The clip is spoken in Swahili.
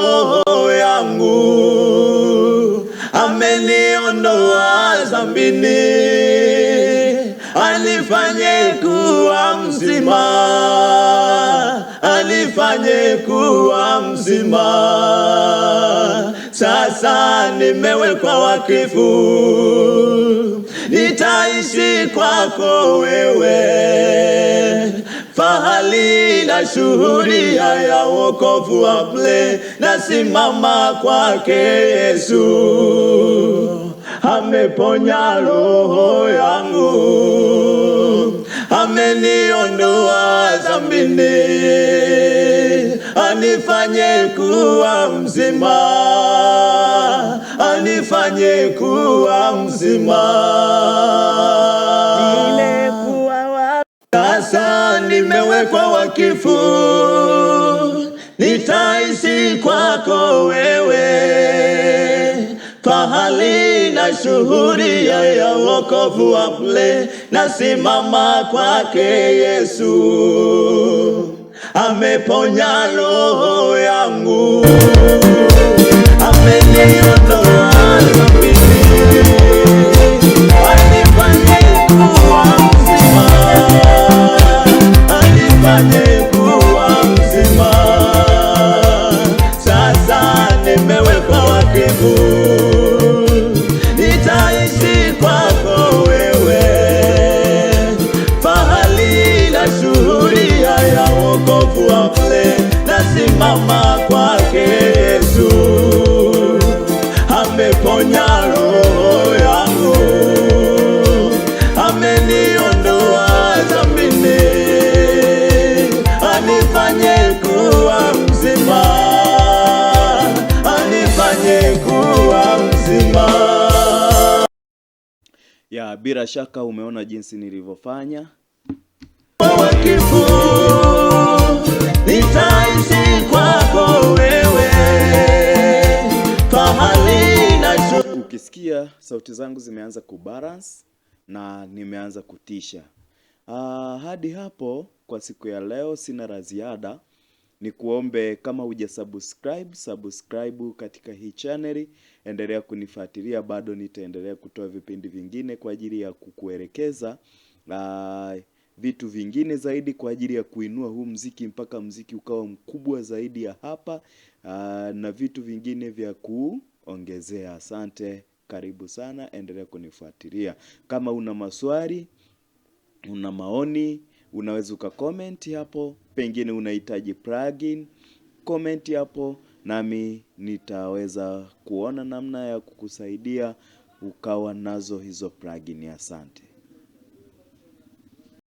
roho yangu, ameniondoa zambini alifanye kuwa mzima, alifanye kuwa mzima. Sasa nimewekwa wakifu, nitaishi kwako wewe shuhudia ya wokovu wa mle, na simama kwake Yesu, ameponya roho yangu, ameniondoa dhambini, anifanye kuwa mzima, anifanye kuwa mzima nimewekwa wakifu, nitaishi kwako wewe, fahali na shuhuri ya wokovu wa mle, nasimama kwake Yesu ameponya roho yangu. kuniondoa dhambini, anifanye kuwa mzima, anifanye kuwa mzima. Ya, bila shaka umeona jinsi nilivyofanya ukisikia sauti zangu zimeanza kubalance na nimeanza kutisha. Uh, hadi hapo kwa siku ya leo sina la ziada. Ni kuombe kama uja subscribe, subscribe katika hii chaneli, endelea kunifuatilia, bado nitaendelea kutoa vipindi vingine kwa ajili ya kukuelekeza uh, vitu vingine zaidi kwa ajili ya kuinua huu mziki mpaka mziki ukawa mkubwa zaidi ya hapa uh, na vitu vingine vya kuongezea. Asante. Karibu sana, endelea kunifuatilia. Kama una maswali, una maoni, unaweza ukakomenti hapo, pengine unahitaji plugin, komenti hapo nami nitaweza kuona namna ya kukusaidia ukawa nazo hizo plugin. Asante.